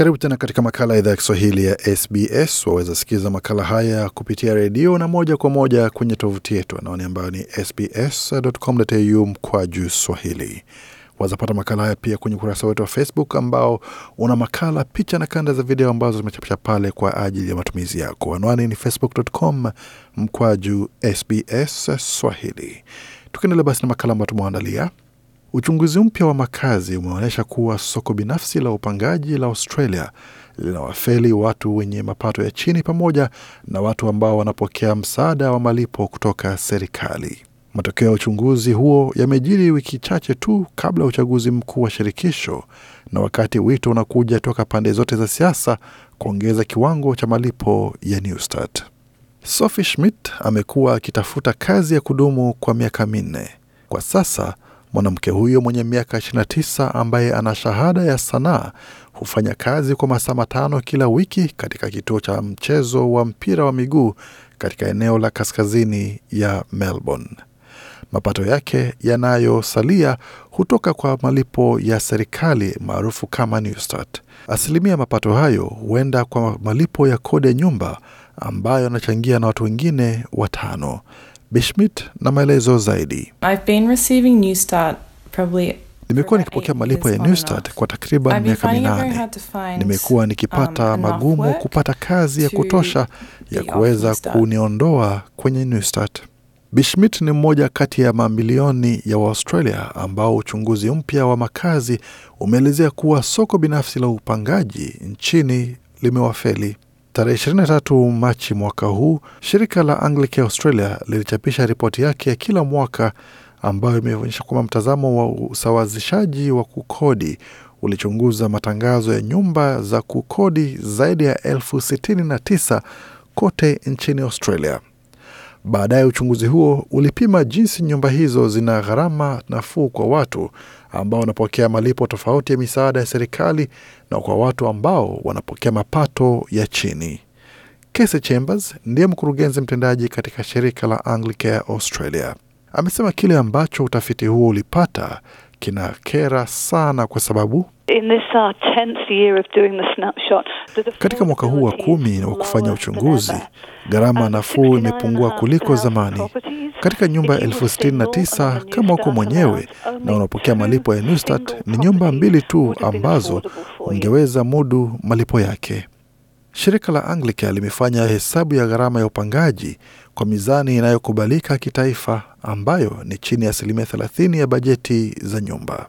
Karibu tena katika makala ya idhaa ya Kiswahili ya SBS. Waweza sikiza makala haya kupitia redio na moja kwa moja kwenye tovuti yetu anaoni ambayo ni sbs.com.au mkwa juu swahili. Wazapata makala haya pia kwenye ukurasa wetu wa Facebook ambao una makala, picha na kanda za video ambazo zimechapisha pale kwa ajili ya matumizi yako. Anwani ni facebook.com mkwa juu sbs swahili. Tukiendelea basi na makala ambayo tumeandalia Uchunguzi mpya wa makazi umeonyesha kuwa soko binafsi la upangaji la Australia linawafeli watu wenye mapato ya chini pamoja na watu ambao wanapokea msaada wa malipo kutoka serikali. Matokeo ya uchunguzi huo yamejiri wiki chache tu kabla ya uchaguzi mkuu wa shirikisho na wakati wito unakuja toka pande zote za siasa kuongeza kiwango cha malipo ya Newstart. Sophie Schmidt amekuwa akitafuta kazi ya kudumu kwa miaka minne kwa sasa. Mwanamke huyo mwenye miaka 29 ambaye ana shahada ya sanaa hufanya kazi kwa masaa matano kila wiki katika kituo cha mchezo wa mpira wa miguu katika eneo la kaskazini ya Melbourne. Mapato yake yanayosalia hutoka kwa malipo ya serikali maarufu kama Newstart. Asilimia ya mapato hayo huenda kwa malipo ya kodi ya nyumba ambayo anachangia na watu wengine watano. Bishmit na maelezo zaidi. Nimekuwa nikipokea malipo ya Newstart kwa takriban miaka minane. Nimekuwa nikipata um, magumu kupata kazi ya kutosha ya kuweza kuniondoa kwenye Newstart. Bishmit ni mmoja kati ya mamilioni ya Waaustralia ambao uchunguzi mpya wa makazi umeelezea kuwa soko binafsi la upangaji nchini limewafeli. Tarehe 23 Machi mwaka huu, shirika la anglic Australia lilichapisha ripoti yake ya kila mwaka ambayo imeonyesha kwamba mtazamo wa usawazishaji wa kukodi ulichunguza matangazo ya nyumba za kukodi zaidi ya elfu sitini na tisa kote nchini Australia. Baadaye uchunguzi huo ulipima jinsi nyumba hizo zina gharama nafuu kwa watu ambao wanapokea malipo tofauti ya misaada ya serikali na kwa watu ambao wanapokea mapato ya chini. Casey Chambers ndiye mkurugenzi mtendaji katika shirika la Anglicare Australia. Amesema kile ambacho utafiti huo ulipata kinakera sana kwa sababu katika mwaka huu wa kumi wa kufanya uchunguzi, gharama nafuu imepungua kuliko zamani katika nyumba elfu sitini na tisa kama wako mwenyewe na unapokea malipo ya Newstart, Ni nyumba mbili tu ambazo ungeweza mudu malipo yake. Shirika la anglica limefanya hesabu ya gharama ya upangaji kwa mizani inayokubalika kitaifa ambayo ni chini ya asilimia 30 ya bajeti za nyumba.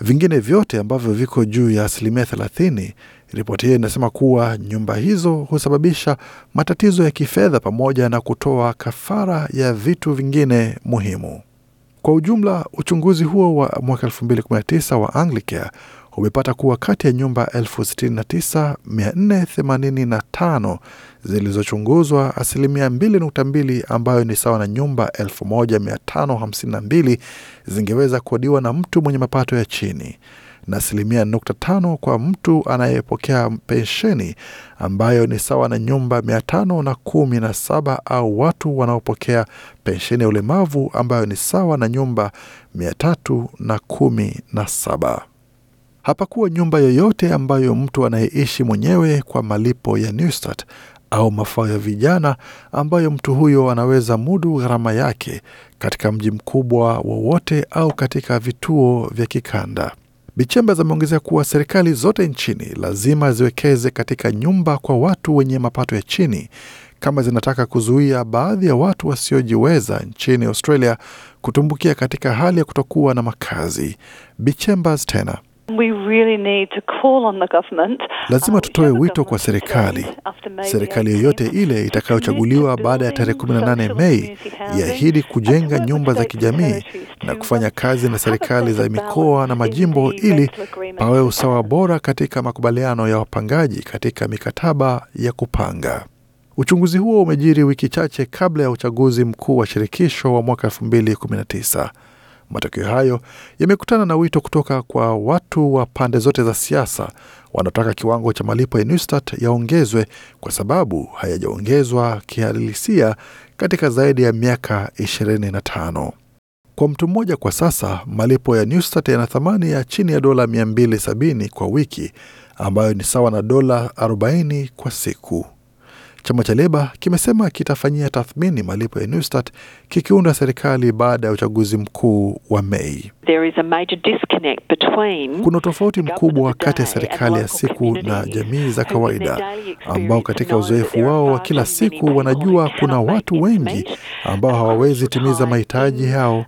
Vingine vyote ambavyo viko juu ya asilimia 30. Ripoti hiyo inasema kuwa nyumba hizo husababisha matatizo ya kifedha pamoja na kutoa kafara ya vitu vingine muhimu. Kwa ujumla, uchunguzi huo wa mwaka 2019 wa anglica umepata kuwa kati ya nyumba 69485 zilizochunguzwa, asilimia 2.2 ambayo ni sawa na nyumba 1552 zingeweza kuodiwa na mtu mwenye mapato ya chini na asilimia nukta tano kwa mtu anayepokea pensheni ambayo ni sawa na nyumba mia tano na kumi na saba au watu wanaopokea pensheni ya ulemavu ambayo ni sawa na nyumba mia tatu na kumi na saba. Hapakuwa nyumba yoyote ambayo mtu anayeishi mwenyewe kwa malipo ya Newstart au mafao ya vijana ambayo mtu huyo anaweza mudu gharama yake katika mji mkubwa wowote au katika vituo vya kikanda. Bichemba ameongezea kuwa serikali zote nchini lazima ziwekeze katika nyumba kwa watu wenye mapato ya chini kama zinataka kuzuia baadhi ya watu wasiojiweza nchini Australia kutumbukia katika hali ya kutokuwa na makazi. Bichembers tena We really need to call on the government. Lazima uh, tutoe wito kwa serikali, serikali yoyote ile itakayochaguliwa baada ya tarehe 18 Mei iahidi kujenga nyumba za kijamii na kufanya kazi na serikali za mikoa na majimbo ili pawe usawa bora katika makubaliano ya wapangaji katika mikataba ya kupanga. Uchunguzi huo umejiri wiki chache kabla ya uchaguzi mkuu wa shirikisho wa mwaka 2019. Matokeo hayo yamekutana na wito kutoka kwa watu wa pande zote za siasa wanaotaka kiwango cha malipo ya Newstart yaongezwe kwa sababu hayajaongezwa kihalisia katika zaidi ya miaka 25. Kwa mtu mmoja kwa sasa, malipo ya Newstart yana thamani ya chini ya dola 270 kwa wiki, ambayo ni sawa na dola 40 kwa siku. Chama cha Leba kimesema kitafanyia tathmini malipo ya Newstart kikiunda serikali baada ya uchaguzi mkuu wa Mei. kuna utofauti mkubwa kati ya serikali ya siku na jamii za kawaida ambao katika uzoefu wao wa kila siku wanajua kuna watu wengi ambao hawawezi timiza mahitaji yao.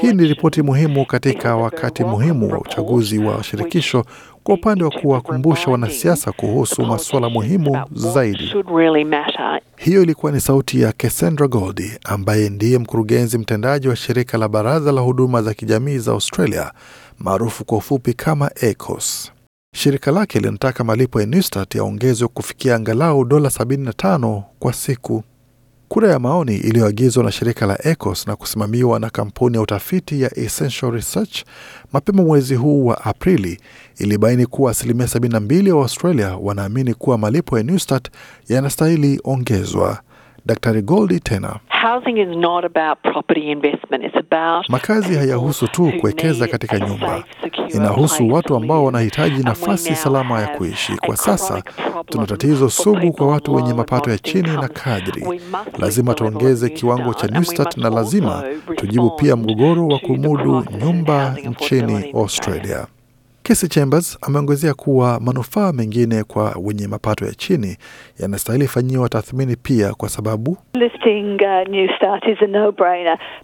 Hii ni ripoti muhimu katika wakati muhimu wa uchaguzi wa shirikisho kwa upande wa kuwakumbusha wanasiasa kuhusu masuala muhimu zaidi. Really hiyo ilikuwa ni sauti ya Cassandra Goldie ambaye ndiye mkurugenzi mtendaji wa shirika la baraza la huduma za kijamii za Australia maarufu kwa ufupi kama ACOS. Shirika lake linataka malipo ya Newstart yaongezwe kufikia angalau dola 75 kwa siku. Kura ya maoni iliyoagizwa na shirika la ECOS na kusimamiwa na kampuni ya utafiti ya Essential Research mapema mwezi huu wa Aprili ilibaini kuwa asilimia 72 ya Waustralia wanaamini kuwa malipo ya Newstart yanastahili ongezwa. dr Goldi tena Makazi hayahusu tu kuwekeza katika nyumba, inahusu watu ambao wanahitaji nafasi salama ya kuishi. Kwa sasa tuna tatizo sugu kwa watu wenye mapato ya chini na kadri. Lazima tuongeze kiwango cha Newstart na lazima tujibu pia mgogoro wa kumudu nyumba nchini Australia. Kesi Chambers ameongezea kuwa manufaa mengine kwa wenye mapato ya chini yanastahili fanyiwa tathmini pia, kwa sababu uh,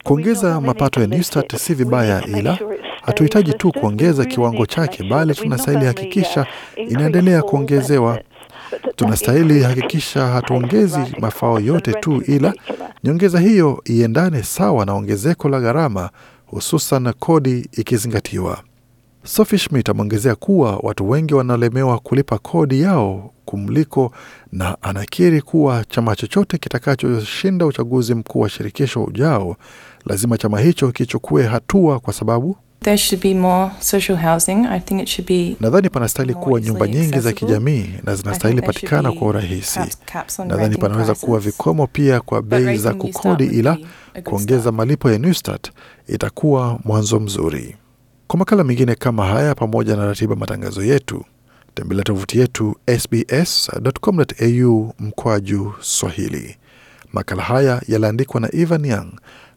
kuongeza mapato ya Newstart si vibaya, ila hatuhitaji tu kuongeza kiwango chake, bali tunastahili uh, hakikisha inaendelea kuongezewa. Tunastahili hakikisha hatuongezi mafao yote tu, ila nyongeza hiyo iendane sawa na ongezeko la gharama, hususan kodi ikizingatiwa. Sophie Schmidt ameongezea kuwa watu wengi wanalemewa kulipa kodi yao kumliko, na anakiri kuwa chama chochote kitakachoshinda uchaguzi mkuu wa shirikisho ujao lazima chama hicho kichukue hatua kwa sababu nadhani panastahili kuwa nyumba nyingi za kijamii na zinastahili patikana kwa urahisi. Nadhani panaweza kuwa vikomo pia kwa bei za kukodi, ila kuongeza malipo ya Newstart itakuwa mwanzo mzuri. Kwa makala mengine kama haya pamoja na ratiba matangazo yetu, tembelea tovuti yetu sbs.com.au mkwaju Swahili. Makala haya yaliandikwa na Ivan Young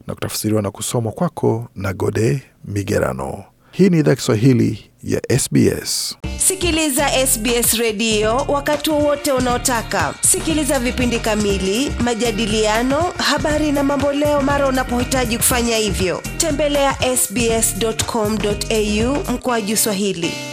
na kutafsiriwa na kusomwa kwako na Gode Migerano. Hii ni idhaa Kiswahili ya SBS. Sikiliza SBS redio wakati wowote unaotaka. Sikiliza vipindi kamili, majadiliano, habari na mamboleo mara unapohitaji kufanya hivyo. Tembelea ya sbs.com.au mkoaji Swahili.